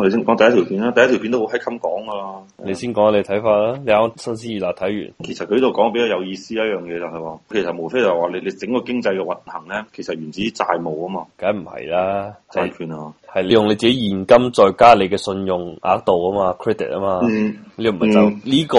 我哋先講第一條片啦，第一條片都好閪襟講噶啦。你先講下你睇法啦。你啱新鮮熱辣睇完，其實佢呢度講比較有意思一樣嘢就係話，其實無非就係話你你整個經濟嘅運行咧，其實源自於債務啊嘛，梗唔係啦，債券啊，係利是是用你自己現金再加你嘅信用額度啊嘛，credit 啊嘛，你唔係就呢個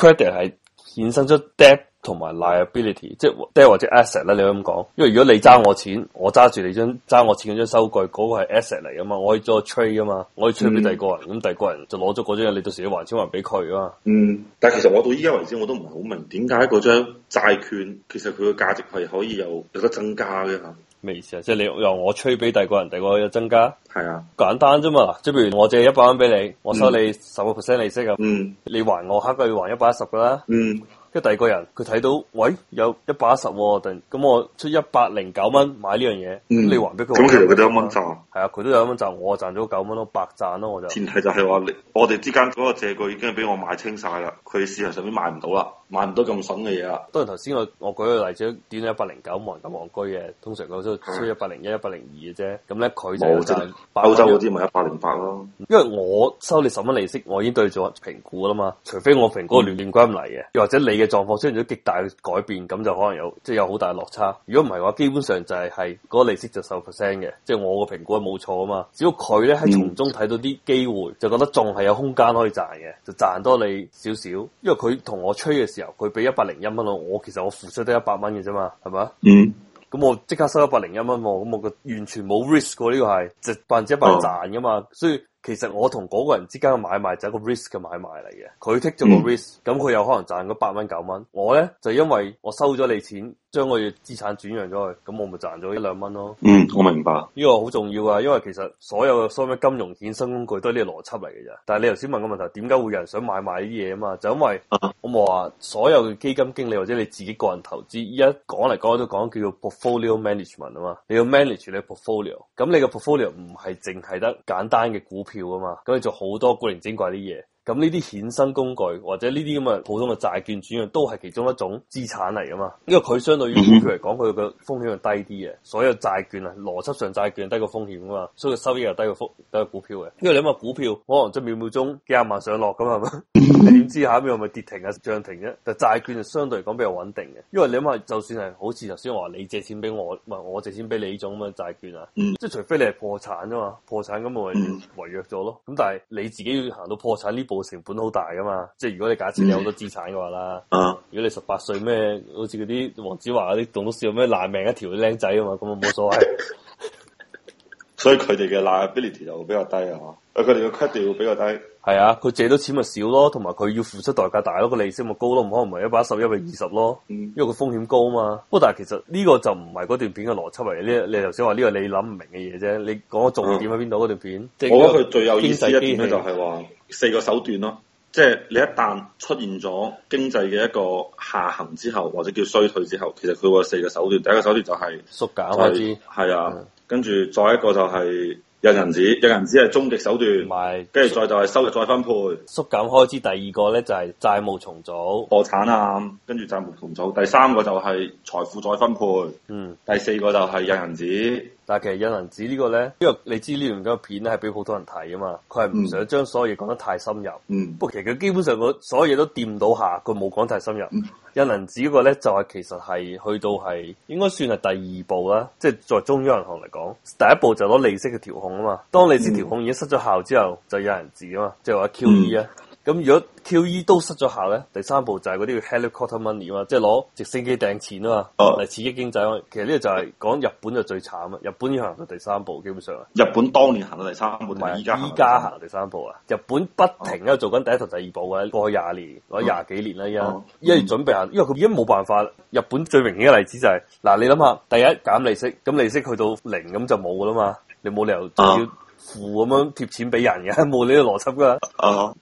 credit 係衍生咗 debt。同埋 liability，即係即係或者 asset 咧，你咁講，因為如果你揸我錢，我揸住你張揸我錢嗰張收據，嗰、那個係 asset 嚟啊嘛，我係做 trade 啊嘛，我可以 r a d e 俾第個人，咁第二個人就攞咗嗰張你到時要還錢還俾佢啊。嗯，但係其實我到依家為止，我都唔係好明點解嗰張債券其實佢嘅價值係可以有有得增加嘅吓。咩意思啊？即係你由我吹俾第二個人，第二個人有增加？係啊，簡單啫嘛。即係譬如我借一百蚊俾你，我收你十個 percent 利息啊、嗯。嗯，你還我，下個月還一百一十噶啦。嗯。即第二個人，佢睇到，喂，有一百一十，咁我，我出一百零九蚊買呢樣嘢，咁你還畀佢，咁、嗯、其實佢都有一蚊賺，係啊，佢都有一蚊賺，我賺咗九蚊，囉，白賺囉。我就。前提就係話我哋之間嗰個借據已經俾我買清晒啦，佢市場上面買唔到啦。買唔到咁筍嘅嘢啦，當然頭先我我舉個例子，點解一百零九，冇人咁戇居嘅，通常我都吹一百零一、一百零二嘅啫。咁咧佢就好賺歐洲嗰啲咪一百零八咯，因為我收你十蚊利息，我已經對咗評估啦嘛。除非我評估亂亂鬼咁嚟嘅，嗯、又或者你嘅狀況出現咗極大嘅改變，咁就可能有即係、就是、有好大嘅落差。如果唔係嘅話，基本上就係係嗰利息就十 percent 嘅，即係、就是、我嘅評估係冇錯啊嘛。只要佢咧喺從中睇到啲機會，嗯、就覺得仲係有空間可以賺嘅，就賺多你少少。因為佢同我吹嘅時由佢俾一百零一蚊咯，我其實我付出得一百蚊嘅啫嘛，係咪？嗯，咁我即刻收一百零一蚊喎，咁我個完全冇 risk 過呢個係，值百分之一百賺噶嘛，所以。其實我同嗰個人之間嘅買賣就係一個 risk 嘅買賣嚟嘅，佢 take 咗個 risk，咁佢有可能賺咗八蚊九蚊，我咧就因為我收咗你錢，將我嘅資產轉讓咗去，咁我咪賺咗一兩蚊咯。嗯，我明白，呢個好重要啊，因為其實所有嘅所有金融衍生工具都係呢個邏輯嚟嘅咋。但係你頭先問個問題，點解會有人想買賣啲嘢啊嘛？就因為我冇話所有嘅基金經理或者你自己個人投資，依家講嚟講去都講叫 portfolio management 啊嘛。你要 manage 你嘅 portfolio，咁你嘅 portfolio 唔係淨係得簡單嘅股票。票啊嘛，咁你做好多古靈精怪啲嘢。咁呢啲衍生工具或者呢啲咁嘅普通嘅債券轉讓都係其中一種資產嚟㗎嘛，因為佢相對於股票嚟講佢嘅風險係低啲嘅，所有債券啊邏輯上債券低過風險啊嘛，所以收益又低過風低過股票嘅，因為你諗下股票可能即係秒秒鐘幾廿萬上落咁啊，點、mm hmm. 知下一秒咪跌停啊漲停啫、啊，但債券就相對嚟講比較穩定嘅，因為你諗下就算係好似頭先話你借錢俾我，唔係我借錢俾你呢種咁嘅債券啊，mm hmm. 即係除非你係破產吖嘛，破產咁我咪違約咗咯，咁但係你自己要行到破產呢？成本好大噶嘛，即係如果你假設你好多資產嘅話啦，嗯，啊、如果你十八歲咩，好似嗰啲黃子華嗰啲棟篤笑咩爛命一條啲僆仔啊嘛，咁、嗯、啊冇所謂。所以佢哋嘅 liability 就會比較低啊。嘛？誒，佢哋嘅 credit 會比較低。係啊，佢借到錢咪少咯，同埋佢要付出代價大咯，個利息咪高咯，唔可能唔係一百十，一、為二十咯，嗯、因為佢風險高嘛。不過但係其實呢個就唔係嗰段片嘅邏輯嚟嘅，你你頭先話呢個你諗唔明嘅嘢啫。你講個重點喺邊度嗰段片？我覺得佢最有意思一點咧就係話四個手段咯，即係你一旦出現咗經濟嘅一個下行之後，或者叫衰退之後，其實佢會有四個手段，第一個手段就係縮減開支，係、就是、啊。嗯跟住再一個就係印銀紙，印銀紙係終極手段。唔係，跟住再就係收入再分配，縮減開支。第二個咧就係債務重組，破產啊，跟住債務重組。第三個就係財富再分配，嗯，第四個就係印銀紙。但係其實印銀紙這個呢個咧，因為你知呢段咁嘅片咧係俾普通人睇啊嘛，佢係唔想將所有嘢講得太深入。嗯、不過其實佢基本上個所有嘢都掂到一下，佢冇講太深入。嗯、印銀紙嗰個咧就係、是、其實係去到係應該算係第二步啦，即係作為中央銀行嚟講，第一步就攞利息嘅調控啊嘛。當利息調控已經失咗效之後，嗯、就印銀紙啊嘛，即係話 QE 啊。咁如果 QE 都失咗效咧，第三步就係嗰啲 helicopter money 啊嘛，即係攞直升機掟錢啊嘛，嚟，uh, 刺激經濟。其實呢個就係講日本就最慘啊，日本要行到第三步，基本上。日本當年行到第三步，唔係依家行第三步啊？日本不停喺度，uh, 做緊第一頭、第二步嘅，過去廿年，攞廿幾年啦，而家因為準備下，因為佢已經冇辦法。日本最明顯嘅例子就係、是、嗱，你諗下，第一減利息，咁利息去到零，咁就冇噶啦嘛，你冇理由要。Uh. 符咁樣貼錢俾人嘅，冇呢個邏輯噶。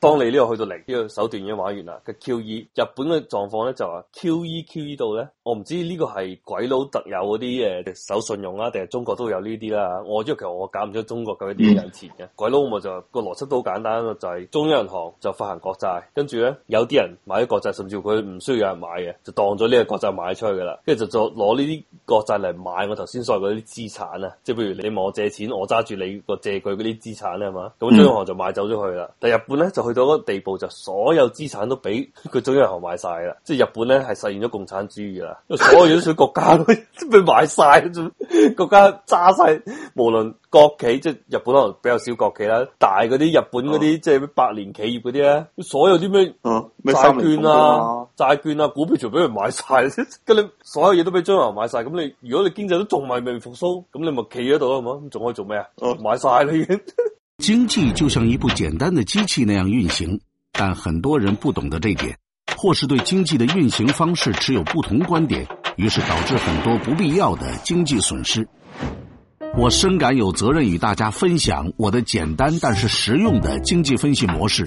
當你呢個去到零，呢、這個手段已經玩完啦。個 QE 日本嘅狀況咧就話 QE QE 度咧，我唔知呢個係鬼佬特有嗰啲誒守信用啦、啊，定係中國都有呢啲啦。我要求我搞唔出中國嘅一啲有錢嘅鬼佬，咪就、那個邏輯都好簡單咯，就係、是、中央銀行就發行國債，跟住咧有啲人買咗國債，甚至乎佢唔需要有人買嘅，就當咗呢個國債買出去噶啦，跟住就再攞呢啲國債嚟買我頭先所謂啲資產啊，即係譬如你問我借錢，我揸住你個借佢嗰啲資產咧嘛，咁中央行就買走咗佢啦。嗯、但日本咧就去到嗰個地步，就所有資產都俾佢中央行買晒啦。即、就、係、是、日本咧係實現咗共產主義啦，所有啲小國家都俾買晒， 國家揸晒，無論國企，即、就、係、是、日本可能比較少國企啦，大嗰啲日本嗰啲、啊、即係百年企業嗰啲咧，所有啲咩債券啊。啊債券啊，股票全部俾佢買晒，跟住所有嘢都俾張華買晒。咁你如果你經濟都仲未未復甦，咁你咪企喺度咯，咁仲可以做咩啊？買晒啦已經。嗯、 經濟就像一部簡單嘅機器那樣運行，但很多人不懂得這點，或是對經濟嘅運行方式持有不同觀點，於是導致很多不必要的經濟損失。我深感有責任與大家分享我的簡單但是實用的經濟分析模式。